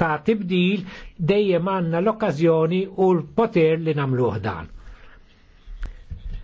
ta' tibdil dejjem għanna l-okkazjoni u l-poter li namluħ dan.